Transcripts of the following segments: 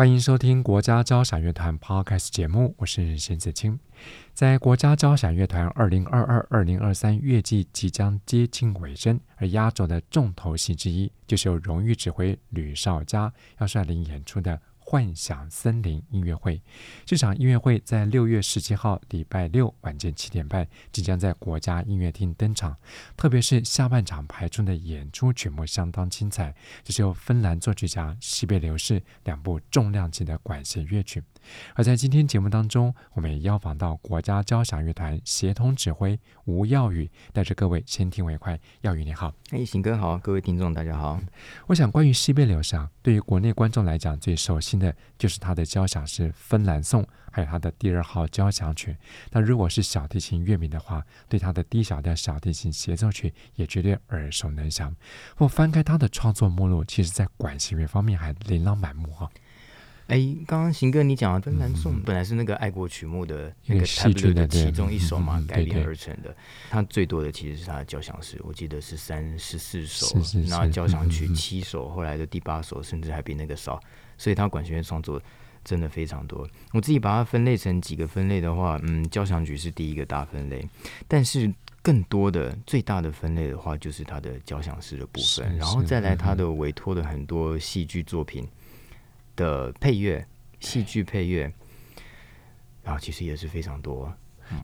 歡迎收聽國家交響樂團 Podcast 節目，我是沈子清。在國家交響樂團二零二二二零二三樂季即將接近尾聲，而壓軸的重頭戲之一，就是由榮譽指揮呂紹嘉要率領演出的幻想森林音樂會，這場音樂會在六月十七號禮拜六晚間七點半即將在國家音樂廳登場。特別是下半場排出的演出曲目相當精彩，這是由芬蘭作曲家西貝流士兩部重量級的管弦樂曲。而在今天節目當中，我們也邀訪到國家交響樂團協同指揮吳曜宇，帶着各位先聽為快。曜宇你好，哎，行哥好，各位聽眾大家好。我想關於西貝流士啊，對於國內觀眾來講最熟悉。就是他的交響詩《芬蘭頌》，還有他的第二號交響曲。那如果是小提琴樂迷的話，對他的 D 小調小提琴協奏曲也絕對耳熟能詳。我翻開他的創作目錄，其實在管弦樂方面還琳琅滿目哈、啊，哎，剛剛邢哥你講的、嗯《芬蘭頌》本來是那個愛國曲目的那個戲曲的《泰勒》的其中一首嘛、嗯嗯、改編而成的對對。他最多的其實是他的交響詩，我記得 13, 是三十四首，然後交響曲七首，嗯嗯後來的第八首甚至還比那個少。所以他管弦樂創作真的非常多。我自己把它分類成幾個分類的話，嗯，交響曲是第一個大分類，但是更多的、最大的分類的話，就是他的交響詩的部分，然後再來他的委託的很多戲劇作品的配樂，嗯、戲劇配樂，然後其實也是非常多。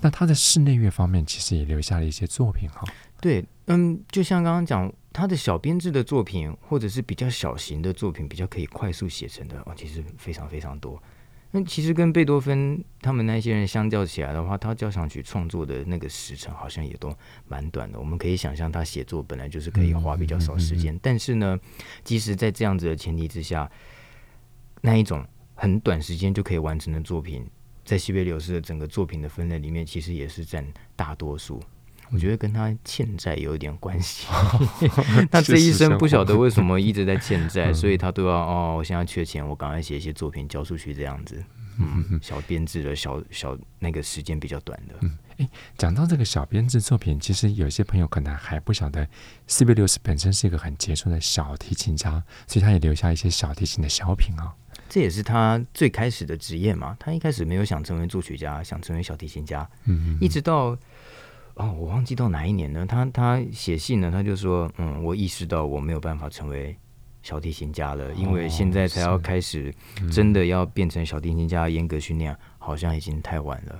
那他在室內樂方面其實也留下了一些作品哈、哦。對，嗯，就像剛剛講。他的小編制的作品，或者是比較小型的作品，比較可以快速寫成的，哦，其實非常非常多。那其實跟貝多芬他們那些人相較起來的話，他交響曲創作的那個時長好像也都蠻短的。我們可以想象，他寫作本來就是可以花比較少時間，嗯嗯嗯嗯嗯。但是呢，即使在這樣子的前提之下，那一種很短時間就可以完成的作品，在西貝流士的整個作品的分類裡面，其實也是占大多數。我覺得跟他欠債有一點關係。那 這一生不曉得為什麼一直在欠債，所以他都要哦，我現在缺錢，我趕快寫一些作品交出去這樣子。嗯，小編制的小小那個時間比較短的。欸，講到這個小編制作品，其實有些朋友可能還不曉得，西貝流士本身是一個很傑出的小提琴家，所以他也留下一些小提琴的小品啊、哦嗯嗯哦。這也是他最開始的職業嘛。他一開始沒有想成為作曲家，想成為小提琴家。嗯，嗯一直到。哦，我忘記到哪一年呢？他他寫信呢，他就說，嗯，我意識到我沒有辦法成為小提琴家了，因為現在才要開始真的要變成小提琴家，嚴格訓練好像已經太晚了，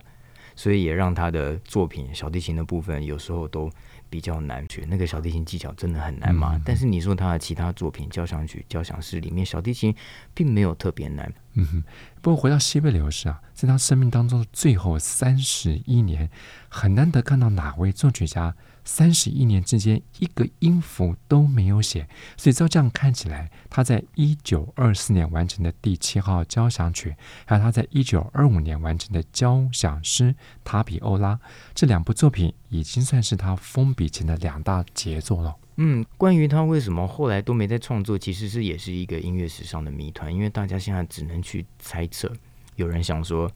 所以也讓他的作品小提琴的部分有時候都。比較難學，那個小提琴技巧真的很難嘛、嗯？但是你說他的其他作品，交響曲、交響詩裡面，小提琴並沒有特別難。嗯哼。不過回到西貝流士啊，在他生命當中最後三十一年，很難得看到哪位作曲家。三十一年之間，一個音符都沒有寫，所以照這樣看起來，他在一九二四年完成的第七號交響曲，還有他在一九二五年完成的交響詩《塔比歐拉》，這兩部作品已經算是他封筆前的兩大傑作了。嗯，關於他為什麼後來都沒再創作，其實是也是一個音樂史上的謎團，因為大家現在只能去猜測。有人想說。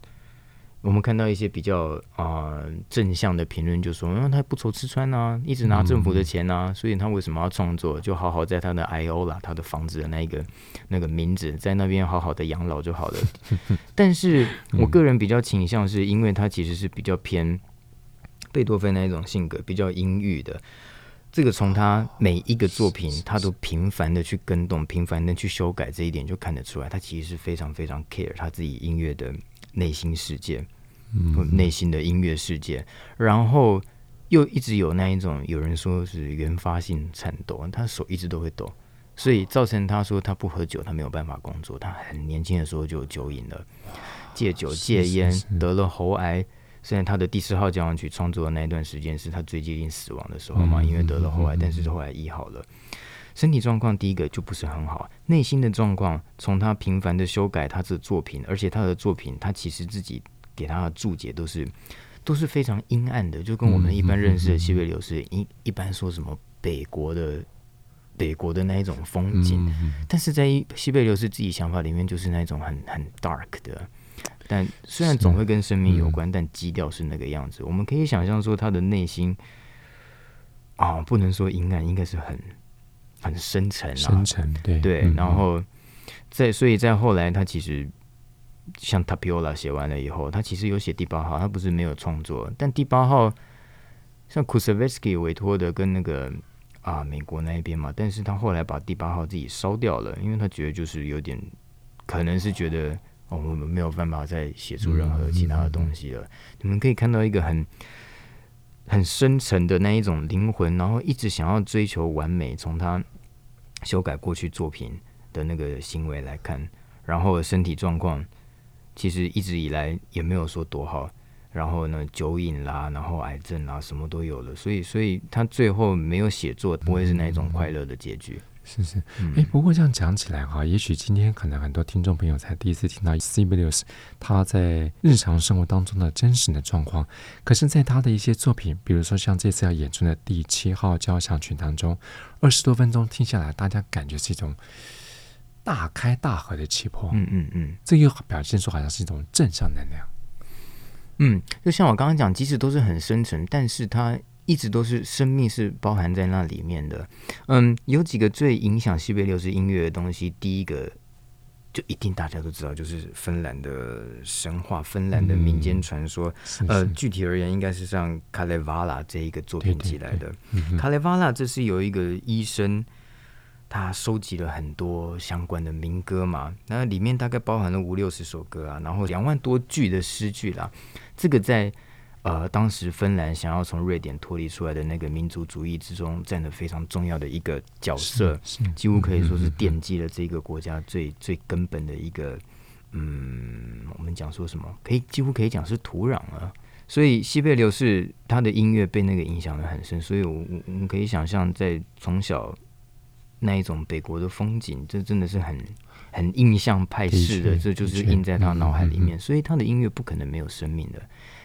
我們看到一些比較啊、呃、正向的評論，就說：“嗯、呃，他不愁吃穿啊，一直拿政府的錢啊，嗯、所以他為什麼要創作？就好好在他的 Ainola 啦，他的房子的那一個那個名字，在那邊好好的養老就好了。 ”但是，我個人比較傾向是，因為他其實是比較偏貝多芬那一種性格，比較陰鬱的。這個從他每一個作品，他都頻繁的去更動，頻繁的去修改，這一點就看得出來，他其實是非常非常 care 他自己音樂的。內心，世界，心世界，嗯，內心的音樂世界，然後又一直有那一種，有人說是原發性顫抖，他手一直都會抖，所以造成他說他不喝酒，他沒有辦法工作。他很年輕的時候就酒癮了，戒酒戒菸，得了喉癌，雖然他的第四號交響曲創作的那一段時間是他最接近死亡的時候嘛、嗯，因為得了喉癌、嗯，但是後來醫好了。嗯嗯嗯嗯身體狀況第一個就不是很好，內心的狀況，從他頻繁的修改他的作品，而且他的作品，他其實自己給他的注解都是都是非常陰暗的，就跟我們一般認識的西貝流士一、嗯嗯嗯、一般說什麼北國的北國的那一種風景，嗯嗯嗯、但是在西貝流士自己想法裡面就是那一種很很 dark 的，但雖然總會跟生命有關、嗯，但基調是那個樣子。我們可以想象說他的內心啊、哦，不能說陰暗，應該是很。很深沉、啊，深沉，對，對嗯嗯，然後在，所以在後來，他其實像《塔皮奧拉》寫完了以後，他其實有寫第八號，他不是沒有創作，但第八號像庫塞維斯基委託的跟那個啊美國那一邊嘛，但是他後來把第八號自己燒掉了，因為他覺得就是有點，可能是覺得、哦哦、我們沒有辦法再寫出任何其他的東西了、嗯嗯嗯。你們可以看到一個很。很深沉的那一種靈魂，然後一直想要追求完美，從他修改過去作品的那個行為來看，然後身體狀況其實一直以來也沒有說多好。然後呢，酒癮啦，然後癌症啦，什麼都有了。所以，所以他最後沒有寫作，不會是那一種快樂的結局。嗯嗯嗯嗯是是，哎，不過這樣講起來哈、嗯，也許今天可能很多聽眾朋友才第一次聽到西貝流士，他在日常生活當中的真實的狀況。可是，在他的一些作品，比如說像這次要演出的第七號交響曲當中，二十多分鐘聽下來，大家感覺是一種大開大合的氣魄。嗯嗯嗯，這又、個、表現出好像是一種正向能量。嗯，就像我剛剛講，即使都是很深沉，但是他。一直都是生命是包含在那裡面的，嗯，有幾個最影響西貝流士音樂的東西，第一個就一定大家都知道，就是芬蘭的神話、芬蘭的民間傳說、嗯是是，呃，具體而言應該是像《卡列瓦拉》這一個作品起來的，對對對，《卡列瓦拉》Kalevalla，這是有一個醫生，他收集了很多相關的民歌嘛，那裡面大概包含了五六十首歌啊，然後兩萬多句的詩句啦，這個在。呃，當時芬蘭想要從瑞典脫離出來的那個民族主義之中，占了非常重要的一個角色，幾乎可以說是奠基了這個國家最、嗯、最根本的一個嗯，我們講說什麼？可以幾乎可以講是土壤啊。所以西貝流士他的音樂被那個影響得很深，所以我我們可以想象，在從小那一種北國的風景，這真的是很很印象派式的確確，這就是印在他腦海裡面，確確嗯嗯嗯、所以他的音樂不可能沒有生命的。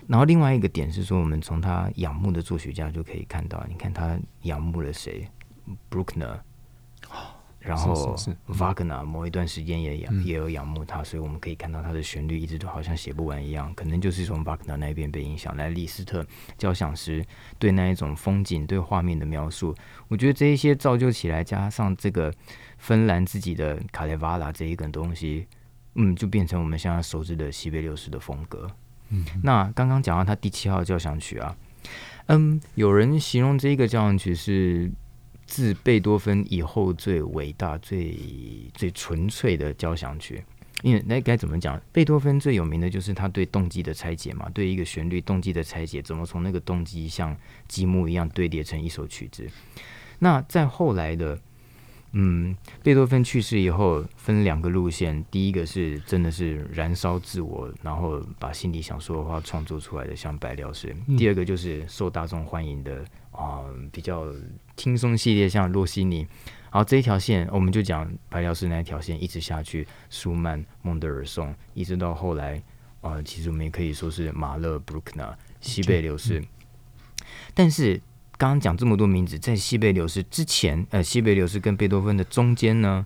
然後另外一個點是說，我們從他仰慕的作曲家就可以看到，你看他仰慕了誰，布魯克納然後瓦格納，某一段時間也仰也有仰慕他，所以我們可以看到他的旋律一直都好像寫不完一樣，可能就是從瓦格納那邊被影響。來，李斯特交響詩，對那一種風景、對畫面的描述，我覺得這一些造就起來，加上這個芬蘭自己的卡列瓦拉這一根東西，嗯，就變成我們現在熟知的西貝流士的風格。嗯，那剛剛講到他第七號交響曲啊，嗯，有人形容這個交響曲是自貝多芬以後最偉大、最最純粹的交響曲。因為那該怎麼講？貝多芬最有名的就是他對動機的拆解嘛，對一個旋律動機的拆解，怎麼從那個動機像積木一樣堆疊成一首曲子。那在後來的。嗯，貝多芬去世以後分兩個路線，第一個是真的是燃燒自我，然後把心裡想說的話創作出來的，像白遼斯、嗯；第二個就是受大眾歡迎的啊、呃，比較輕鬆系列，像洛西尼。然後這一條線我們就講白遼斯那一條線一直下去，舒曼、孟德爾頌，一直到後來啊、呃，其實我們也可以說是馬勒、布魯克納、西貝流士、嗯，但是。剛剛講這麼多名字，在西貝流士之前，呃，西貝流士跟貝多芬的中間呢，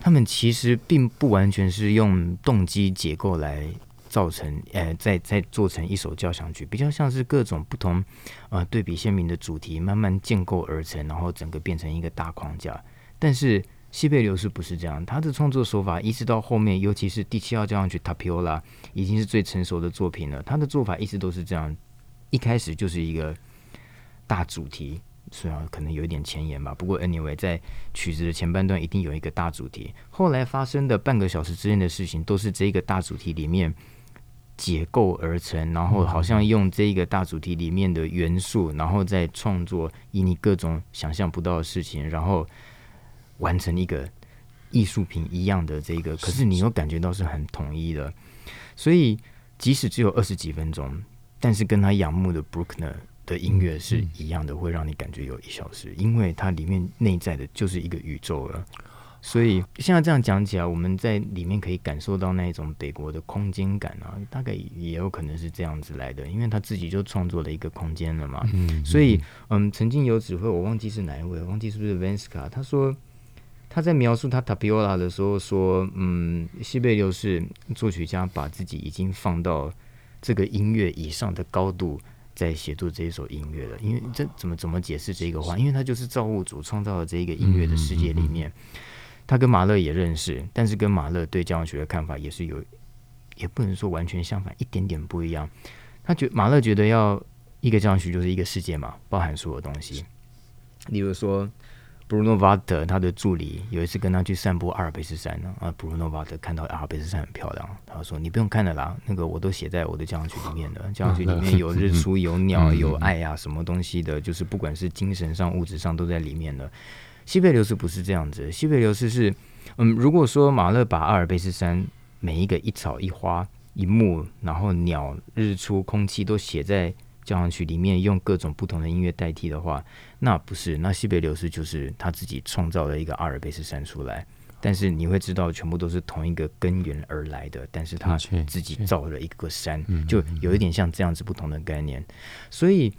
他們其實並不完全是用動機結構來造成，呃，在再做成一首交響曲，比較像是各種不同，呃，對比鮮明的主題慢慢建構而成，然後整個變成一個大框架。但是西貝流士不是這樣，他的創作手法一直到後面，尤其是第七號交響曲《塔皮歐拉》，已經是最成熟的作品了。他的做法一直都是這樣，一開始就是一個。大主題雖然、啊、可能有一點前沿吧，不過 anyway，在曲子的前半段一定有一個大主題，後來發生的半個小時之間的事情都是這個大主題裡面解構而成，然後好像用這個大主題裡面的元素，嗯、然後再創作以你各種想象不到的事情，然後完成一個藝術品一樣的這個，可是你又感覺到是很統一的，所以即使只有二十幾分鐘，但是跟他仰慕的 Bruckner。的音樂是一樣的，會讓你感覺有一小時，因為它裡面內在的就是一個宇宙了。所以現在這樣講起來，我們在裡面可以感受到那一種北國的空間感啊，大概也有可能是這樣子來的，因為他自己就創作了一個空間了嘛嗯嗯。所以，嗯，曾經有指揮，我忘記是哪一位，我忘記是不是 Vanska，他說他在描述他 Tapiola 的時候說，嗯，西貝流士作曲家把自己已經放到這個音樂以上的高度。在寫作這一首音樂的，因為這怎麼怎麼解釋這個話？因為他就是造物主創造了這個音樂的世界裡面，他跟馬勒也認識，但是跟馬勒對交響曲的看法也是有，也不能說完全相反，一點點不一樣。他覺馬勒覺得要一個交響曲就是一個世界嘛，包含所有東西，例如說。布魯諾瓦特，他的助理有一次跟他去散步阿爾卑斯山呢，啊，布魯諾瓦特看到阿爾卑斯山很漂亮，他說：“你不用看了啦，那個我都寫在我的交響曲裡面的，交響曲裡面有日出、有鳥、有愛呀、啊，什麼東西的，就是不管是精神上、物質上都在裡面的。”西貝流士不是這樣子，西貝流士是，嗯，如果說馬勒把阿爾卑斯山每一個一草一花一木，然後鳥、日出、空氣都寫在。交響曲裡面用各種不同的音樂代替的話，那不是那西貝流士就是他自己創造了一個阿爾卑斯山出來。但是你會知道，全部都是同一個根源而來的，但是他自己造了一個山，嗯、就有一點像這樣子不同的概念。嗯嗯、所以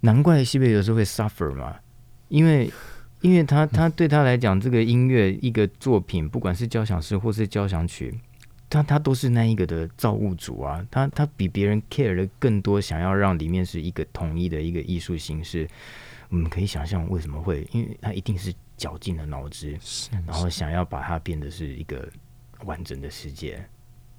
難怪西貝流士會 suffer 嘛，因為因為他他對他來講，這個音樂一個作品，不管是交響詩或是交響曲。他他都是那一個的造物主啊，他他比別人 care 的更多，想要讓裡面是一個統一的一個藝術形式。我們可以想象為什麼會，因為他一定是絞盡了腦汁，然後想要把它變得是一個完整的世界。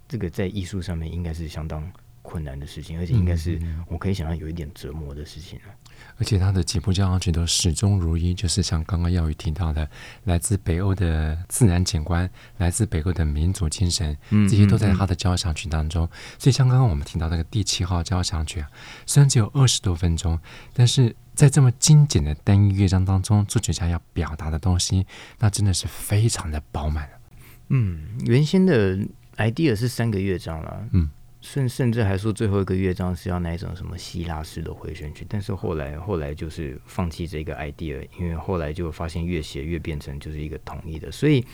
這個在藝術上面應該是相當。困難的事情，而且應該是我可以想到有一點折磨的事情、啊嗯嗯嗯嗯、而且他的幾部交響曲都始終如一，就是像剛剛耀宇提到的，來自北歐的自然景觀，來自北歐的民族精神，這些都在他的交響曲當中、嗯嗯。所以像剛剛我們聽到的那個第七號交響曲啊，雖然只有二十多分鐘，但是在這麼精簡的單一樂章當中，作曲家要表達的東西，那真的是非常的飽滿。嗯，原先的 idea 是三個樂章了、啊，嗯。甚甚至還說最後一個樂章是要那一種什麼希臘式的回旋曲，但是後來後來就是放棄這個 idea，因為後來就發現越寫越變成就是一個統一的，所以。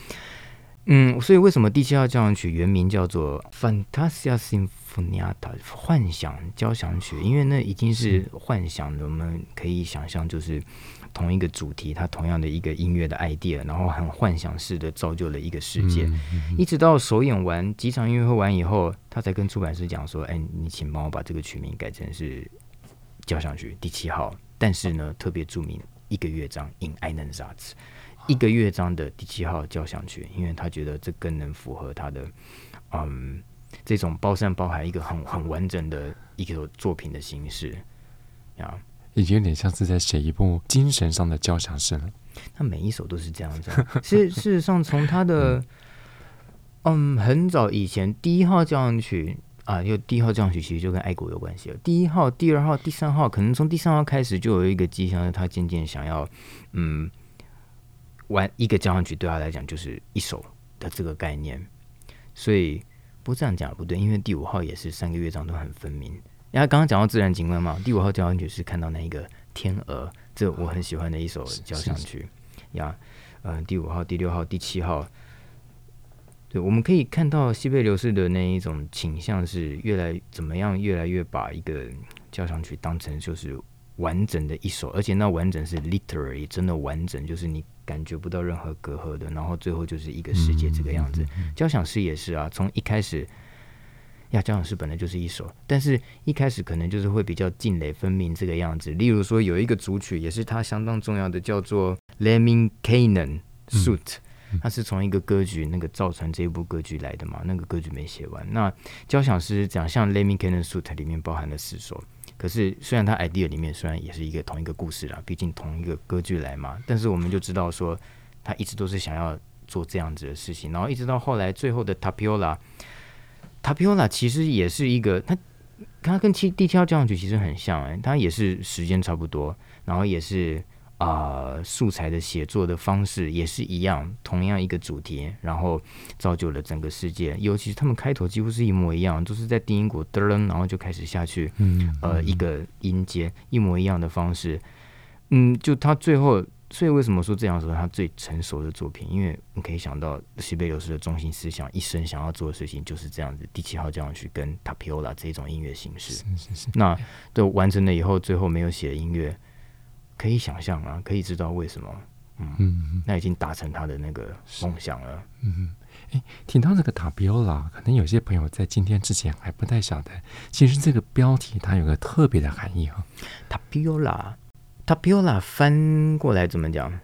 嗯，所以為什麼第七號交響曲原名叫做《Fantasia Symphonia》（幻想交響曲）？因為那已經是幻想、嗯，我們可以想象，就是同一個主題，它同樣的一個音樂的 idea，然後很幻想式的造就了一個世界。嗯嗯嗯、一直到首演完幾場音樂會完以後，他才跟出版社講說：“哎、欸，你請幫我把這個曲名改成是交響曲第七號。”但是呢，特別著名一個樂章《In e i n 一個樂章的第七號交響曲，因為他覺得這更能符合他的，嗯，這種包山包海一個很很完整的一個作品的形式，啊、yeah.，也有點像是在寫一部精神上的交響詩了。他每一首都是這樣子。事 事實上，從他的 嗯，嗯，很早以前，第一號交響曲啊，因為第一號交響曲其實就跟愛國有關係了。第一號、第二號、第三號，可能從第三號開始就有一個跡象，是他漸漸想要，嗯。玩一個交響曲對他來講就是一首的這個概念，所以不過這樣講不對，因為第五號也是三個樂章都很分明。因為剛剛講到自然景觀嘛，第五號交響曲是看到那一個天鵝，這我很喜歡的一首交響曲，嗯。呀，嗯、yeah, 呃，第五號、第六號、第七號，對，我們可以看到西貝流士的那一種傾向是越來怎麼樣，越來越把一個交響曲當成就是完整的一首，而且那完整是 literally 真的完整，就是你。感覺不到任何隔閡的，然後最後就是一個世界這個樣子。嗯嗯嗯、交響詩也是啊，從一開始，呀，交響詩本來就是一首，但是一開始可能就是會比較涇渭分明這個樣子。例如說，有一個組曲也是它相當重要的，叫做《Lemminkäinen Suite》，嗯，它是從一個歌劇，那個造成這一部歌劇來的嘛，那個歌劇沒寫完。那交響詩講像《Lemminkäinen Suite》裡面包含了四首。可是，雖然他 idea 裡面雖然也是一個同一個故事啦，畢竟同一個歌劇來嘛，但是我們就知道說，他一直都是想要做這樣子的事情，然後一直到後來最後的 Tapiola，Tapiola 其實也是一個，他跟他跟七第七號交響曲其實很像哎、欸，他也是時間差不多，然後也是。啊、呃，素材的寫作的方式也是一樣，同樣一個主題，然後造就了整個世界。尤其是他們開頭幾乎是一模一樣，就是在低音鼓噔，然後就開始下去，嗯嗯、呃，一個音階、嗯、一模一樣的方式。嗯，就他最後，所以為什麼說這樣子他最成熟的作品？因為你可以想到西貝流士的中心思想，一生想要做的事情就是這樣子，第七號交響曲跟塔皮歐拉這種音樂形式，是是是是那都完成了以後，最後沒有寫音樂。可以想象啊，可以知道為什麼嗯，嗯，那已經達成他的那個夢想了，嗯，哎，聽到這個塔皮歐拉，可能有些朋友在今天之前還不太曉得，其實這個標題它有個特別的含義啊，塔皮歐拉，塔皮歐拉翻過來怎麼講？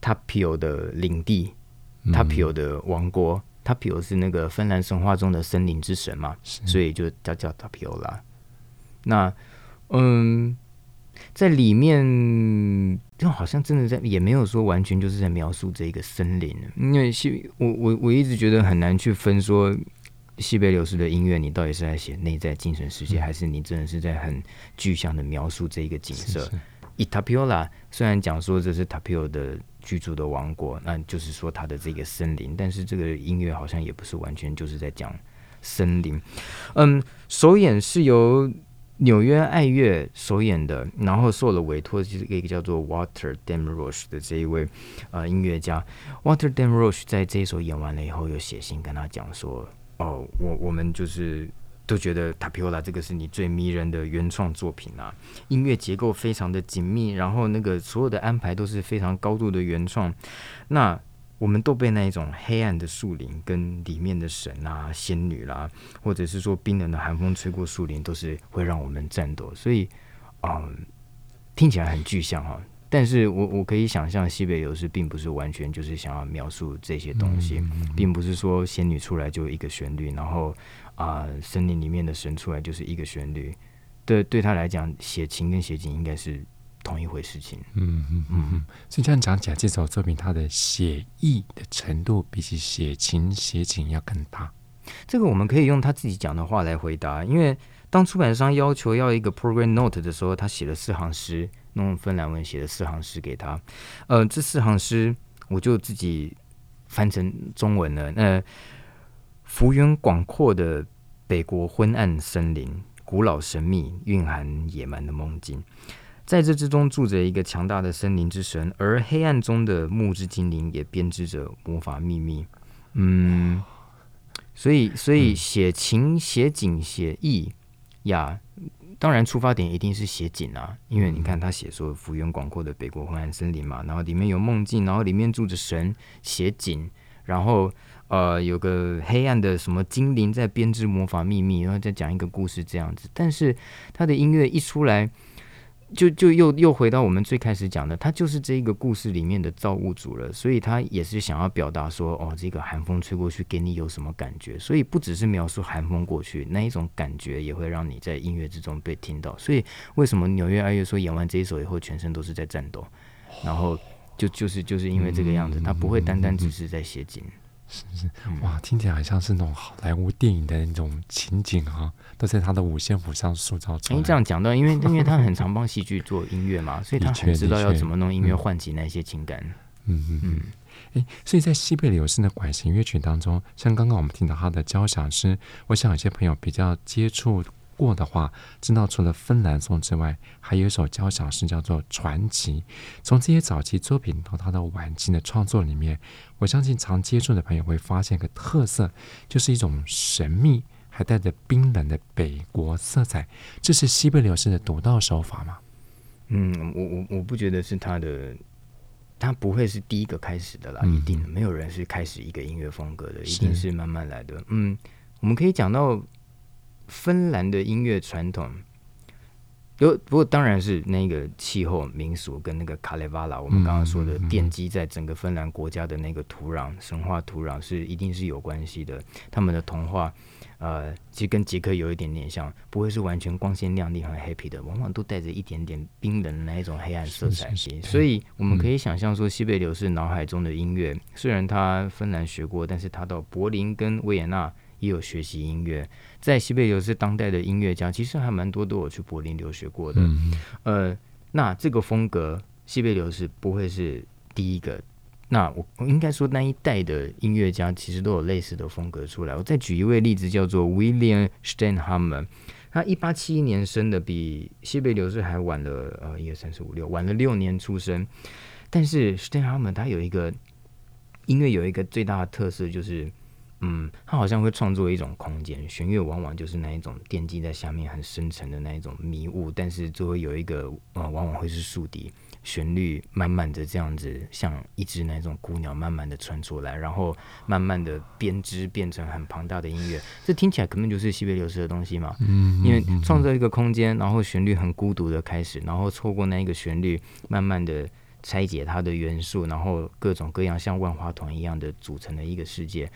塔皮歐的領地，塔皮歐的王國，塔皮歐是那個芬蘭神話中的森林之神嘛，所以就叫叫塔皮歐拉，那，嗯。在裡面，就好像真的在，也沒有說完全就是在描述這一個森林。因為西，我我我一直覺得很難去分說，西貝流士的音樂，你到底是在寫內在精神世界、嗯，還是你真的是在很具象的描述這一個景色？以塔皮奧拉雖然講說這是塔皮奧的居住的王國，那就是說他的這個森林，但是這個音樂好像也不是完全就是在講森林。嗯，首演是由。紐約愛樂首演的，然後受了委托，就是一個叫做 Walter Damrosch 的這一位呃音樂家。Walter Damrosch 在這一首演完了以後，有寫信跟他講說：“哦，我我們就是都覺得《塔皮奧拉》這個是你最迷人的原創作品啊，音樂結構非常的緊密，然後那個所有的安排都是非常高度的原創。”那我們都被那一種黑暗的樹林跟裡面的神啊、仙女啦、啊，或者是說冰冷的寒風吹過樹林，都是會讓我們顫抖。所以，嗯，聽起來很具象哈，但是我我可以想象，西貝流士並不是完全就是想要描述這些東西嗯嗯嗯嗯，並不是說仙女出來就一個旋律，然後啊、呃，森林裡面的神出來就是一個旋律。對，對他來講，寫情跟寫景應該是。同一回事情，嗯嗯嗯嗯，所以這樣講起來，這首作品它的寫意的程度，比起寫情寫景要更大。這個我們可以用他自己講的話來回答，因為當出版商要求要一個 program note 的時候，他寫了四行詩，用芬蘭文寫的四行詩給他。呃，這四行詩我就自己翻成中文了。那幅員廣闊的北國，昏暗森林，古老神秘，蘊含野蠻的夢境。在這之中住着一個強大的森林之神，而黑暗中的木之精靈也編織着魔法秘密。嗯，所以，所以寫情、寫景、寫意呀，yeah, 當然出發點一定是寫景啊，因為你看他寫說，幅員廣闊的北國昏暗森林嘛，然後裡面有夢境，然後裡面住着神，寫景，然後呃，有個黑暗的什麼精靈在編織魔法秘密，然後再講一個故事這樣子。但是他的音樂一出來。就就又又回到我們最開始講的，他就是這個故事裡面的造物主了，所以他也是想要表達說，哦，這個寒風吹過去給你有什麼感覺？所以不只是描述寒風過去那一種感覺，也會讓你在音樂之中被聽到。所以為什麼紐約愛樂說演完這一首以後，全身都是在戰鬥？哦，然後就就是就是因為這個樣子，嗯，他不會單單只是在寫景，嗯，是不是？哇，聽起來很像是那種好萊塢電影的那種情景啊。都在他的五線譜上塑造出來。誒，這樣講到，因為因為他很常幫戲劇做音樂嘛， 所以他很知道要怎麼弄音樂喚起那些情感。嗯嗯。哎、嗯嗯，所以在西貝流士的管弦樂曲當中，像剛剛我們聽到他的交響詩，我想有些朋友比較接觸過的話，知道除了芬蘭頌之外，還有一首交響詩叫做《傳奇》。從這些早期作品到他的晚期的創作裡面，我相信常接觸的朋友會發現一個特色，就是一種神秘。還帶着冰冷的北國色彩，這是西貝流士的獨到手法嗎？嗯，我我我不覺得是他的，他不會是第一個開始的啦，嗯、一定沒有人是開始一個音樂風格的，一定是慢慢來的。嗯，我們可以講到芬蘭的音樂傳統，有不過當然是那個氣候、民俗跟那個卡累瓦拉，我們剛剛說的奠基、嗯嗯嗯嗯、在整個芬蘭國家的那個土壤、神話土壤是一定是有關係的，他們的童話。呃，其實跟杰克有一點點像，不會是完全光鮮亮麗、很 happy 的，往往都帶着一點點冰冷的那一種黑暗色彩。是是是，所以我們可以想象說，西貝流士腦海中的音樂、嗯。雖然他芬蘭學過，但是他到柏林跟維也納也有學習音樂。在西貝流士當代的音樂家，其實還蠻多都有去柏林留學過的。嗯、呃，那這個風格，西貝流士不會是第一個。那我應該說那一代的音樂家其實都有類似的風格出來。我再舉一位例子，叫做 William Stenhammar，他一八七一年生的，比西貝流士還晚了呃一、二、三、四、五、六，晚了六年出生。但是 Stenhammar 他有一個音樂有一個最大的特色就是，嗯，他好像會創作一種空間弦樂，往往就是那一種奠基在下面很深沉的那一種迷霧，但是最後有一個呃，往往會是豎笛，旋律慢慢的這樣子，像一隻那種孤鳥慢慢的穿出來，然後慢慢的編織變成很龐大的音樂。這聽起來根本就是西貝流士的東西嘛？嗯，嗯，嗯，嗯，因為創造一個空間，然後旋律很孤獨的開始，然後錯過那一個旋律，慢慢的拆解它的元素，然後各種各樣像萬花筒一樣的組成的一個世界。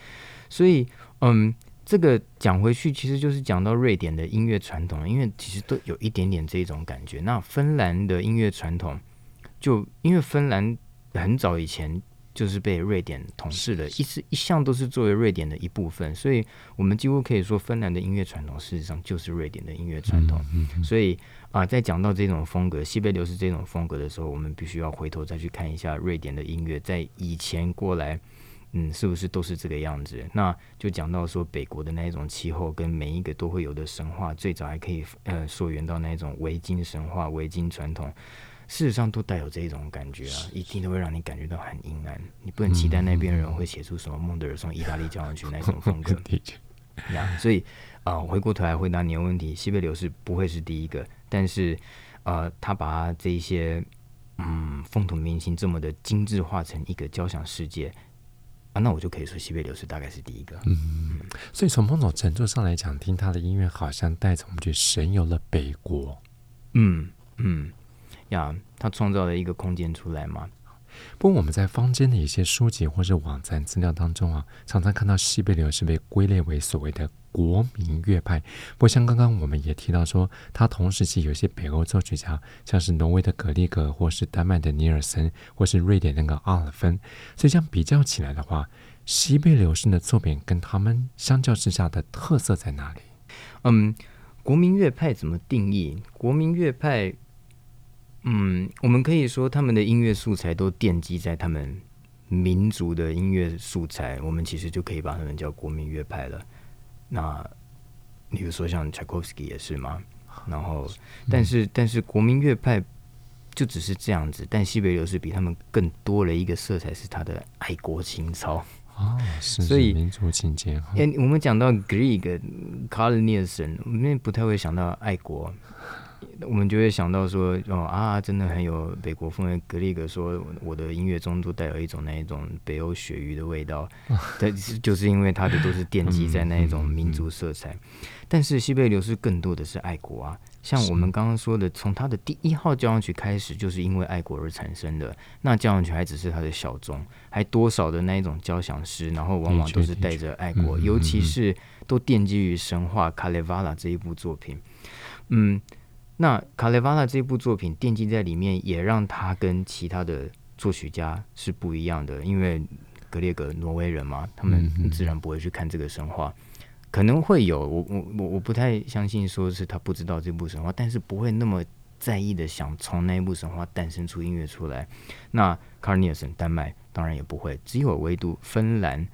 所以，嗯，這個講回去其實就是講到瑞典的音樂傳統，因為其實都有一點點這種感覺。那芬蘭的音樂傳統，就因為芬蘭很早以前就是被瑞典統治的，一直一向都是作為瑞典的一部分，所以我們幾乎可以說，芬蘭的音樂傳統事實上就是瑞典的音樂傳統。嗯嗯嗯。所以啊、呃，在講到這種風格，西貝流士這種風格的時候，我們必須要回頭再去看一下瑞典的音樂，在以前過來，嗯，是不是都是這個樣子？那就講到說北國的那種氣候跟每一個都會有的神話，最早還可以呃溯源到那一種維京神話、維京傳統。事實上都帶有這一種感覺啊，一定都會讓你感覺到很陰暗。你不能期待那邊人會寫出什麼孟德爾頌、嗯、意大利交響曲那種風格。嗯 嗯、所以，啊、呃，回過頭來回答你的問題，西貝流士不會是第一個，但是，呃，他把這一些嗯風土民情這麼的精緻化成一個交響世界啊，那我就可以說西貝流士大概是第一個嗯。嗯，所以從某種程度上來講，聽他的音樂好像帶着我們去神遊了北國。嗯嗯。呀、yeah，他創造了一個空間出來嘛。不過我們在坊間的一些書籍或者網站資料當中啊，常常看到西貝流士被歸類為所謂的國民樂派。不過像剛剛我們也提到說，他同時期有些北歐作曲家，像是挪威的格里格，或是丹麥的尼爾森，或是瑞典那個阿爾芬。所以相比較起來的話，西貝流士的作品跟他們相較之下的特色在哪裡？嗯，國民樂派怎麼定義？國民樂派。嗯，我們可以說他們的音樂素材都奠基在他們民族的音樂素材，我們其實就可以把他們叫國民樂派了。那，比如說像柴可夫斯基也是嗎？然後，是嗯、但是但是國民樂派就只是這樣子，但西貝流士比他們更多了一個色彩，是他的愛國情操啊、哦。所以民族情結。哎、嗯欸，我們講到格里格、卡爾·尼爾森，我們不太會想到愛國。我們就會想到說，哦啊，真的很有北國風味。格里格說，我的音樂中都帶有一種那一種北歐鱈魚的味道，對， 就是因為它的都是奠基在那一種民族色彩。 嗯嗯嗯、但是西貝流士更多的是愛國啊，像我們剛剛說的，從他的第一號交響曲開始，就是因為愛國而產生的。那交響曲還只是他的小鐘，還多少的那一種交響詩，然後往往都是帶着愛國、嗯嗯嗯嗯，尤其是都奠基於神話《卡列瓦拉》這一部作品，嗯。那卡列瓦拉這部作品奠基在裡面，也讓他跟其他的作曲家是不一樣的，因為格列格挪威人嘛，他們自然不會去看這個神話，嗯、可能會有我我我我不太相信說是他不知道這部神話，但是不會那麼在意的想從那一部神話誕生出音樂出來。那卡尼爾森丹麥當然也不會，只有唯獨芬蘭。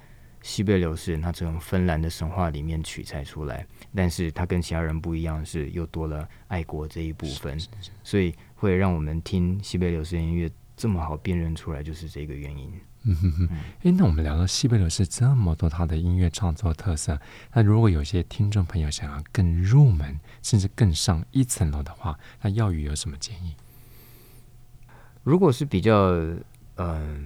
西貝流士，他從芬蘭的神話裡面取材出來，但是他跟其他人不一樣，是又多了愛國這一部分，是是是，所以會讓我們聽西貝流士音樂這麼好辨認出來，就是這個原因。嗯哼哼，哎，那我們聊到西貝流士這麼多，他的音樂創作特色，那如果有些聽眾朋友想要更入門，甚至更上一層樓的話，那曜宇有什麼建議？如果是比較，嗯、呃。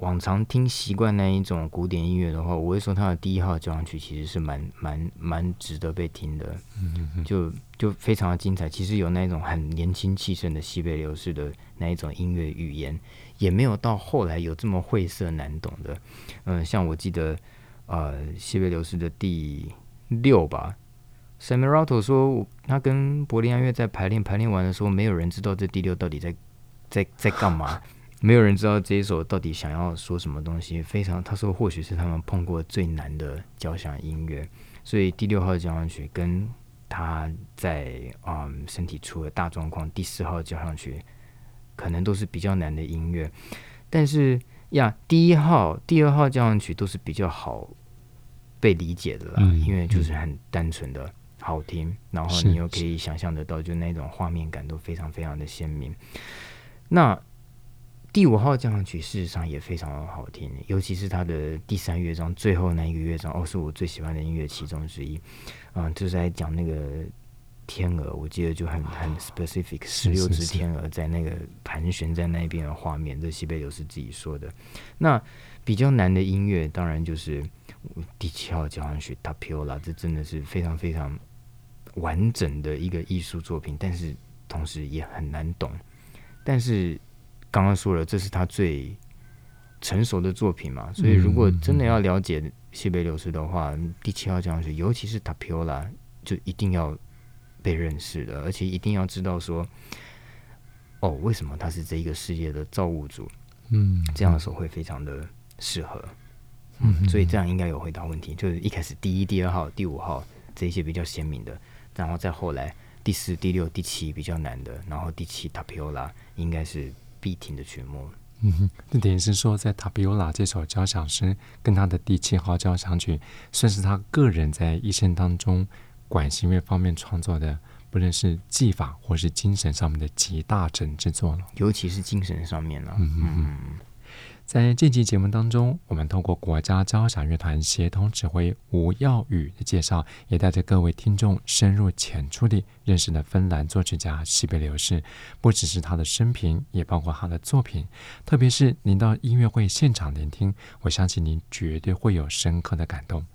往常聽習慣那一種古典音樂的話，我會說他的第一號交響曲其實是蠻蠻蠻值得被聽的，嗯、就就非常的精彩。其實有那一種很年輕氣盛的西貝流士的那一種音樂語言，也沒有到後來有這麼晦澀難懂的。嗯、呃，像我記得呃，西貝流士的第六吧，Semirato 說他跟柏林愛樂在排練排練完的時候，沒有人知道這第六到底在在在幹嘛。 沒有人知道這一首到底想要說什麼東西，非常，他說或許是他們碰過最難的交響音樂，所以第六號交響曲跟他在嗯身體出了大狀況，第四號交響曲可能都是比較難的音樂，但是呀，第一號、第二號交響曲都是比較好被理解的啦，嗯嗯、因為就是很單純的好聽，然後你又可以想象得到，就那種畫面感都非常非常的鮮明，那。第五號交響曲事實上也非常好聽，尤其是它的第三樂章最後那一個樂章，哦，是我最喜歡的音樂其中之一。哦、嗯，就是在講那個天鵝，我記得就很很 specific，十六隻天鵝在那個盤旋在那邊的畫面。是是是這西貝流士自己說的。那比較難的音樂，當然就是第七號交響曲《塔皮歐拉》，這真的是非常非常完整的一個藝術作品，但是同時也很難懂。但是。剛剛說了，這是他最成熟的作品嘛，所以如果真的要了解西貝流士的話，嗯嗯，第七號這樣是，尤其是塔皮歐拉，就一定要被認識的，而且一定要知道說，哦，為什麼他是這一個世界的造物主？嗯，這樣的時候會非常的適合。嗯，所以這樣應該有回答問題，嗯，就是一開始第一、第二號、第五號這些比較鮮明的，然後再後來第四、第六、第七比較難的，然後第七塔皮歐拉應該是。必聽的曲目。嗯，哼，那等於是說，在塔皮奧拉這首交響詩跟他的第七號交響曲，算是他個人在一生當中管弦樂方面創作的，不論是技法或是精神上面的集大成之作了。尤其是精神上面了，啊。嗯哼，哼。嗯在這期節目當中，我們通過國家交響樂團協同指揮吳曜宇的介紹，也帶着各位聽眾深入淺出地認識了芬蘭作曲家西貝流士。不只是他的生平，也包括他的作品。特別是您到音樂會現場聆聽，我相信您絕對會有深刻的感動。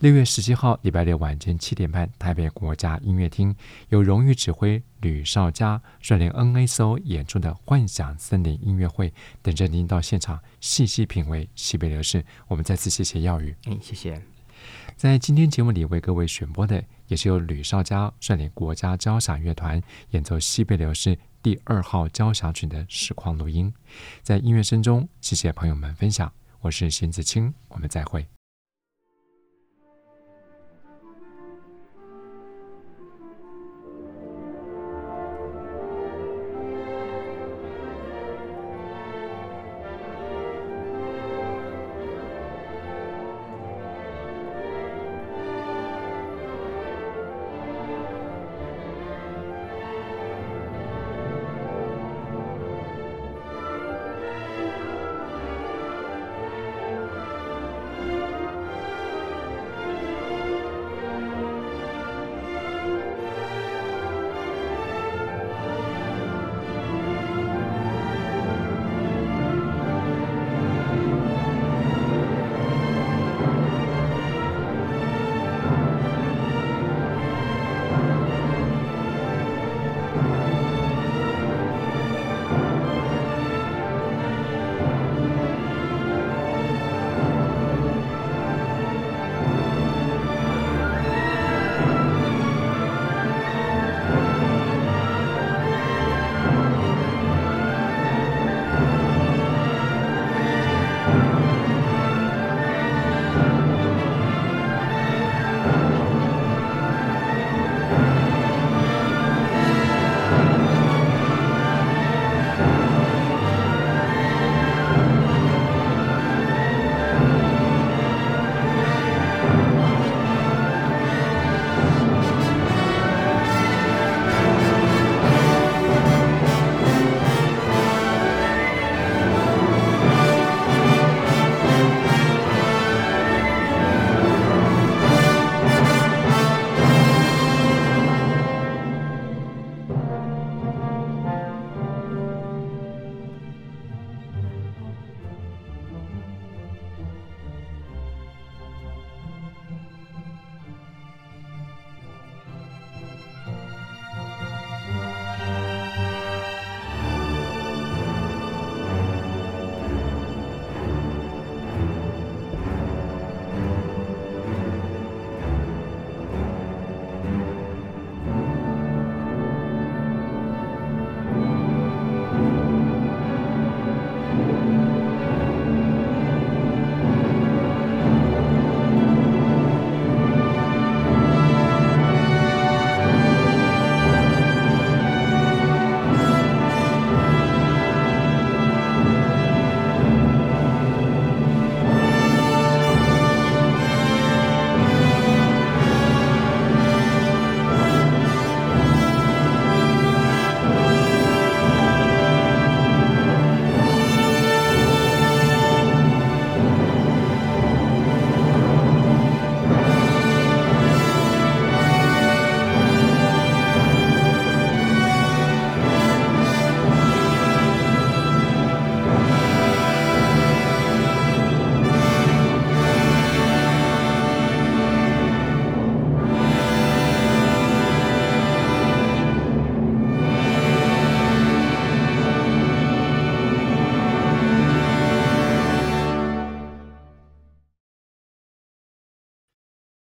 六月十七號，禮拜六晚間七點半，台北國家音樂廳由榮譽指揮呂紹嘉率領 NSO 演出的幻想森林音樂會，等着您到現場細細品味。西貝流士，我們再次謝謝曜宇。嗯，謝謝。在今天節目裡為各位選播的，也是由呂紹嘉率領國家交響樂團演奏西貝流士第二號交響曲的實況錄音。在音樂聲中，謝謝朋友們分享。我是邢子青，我們再會。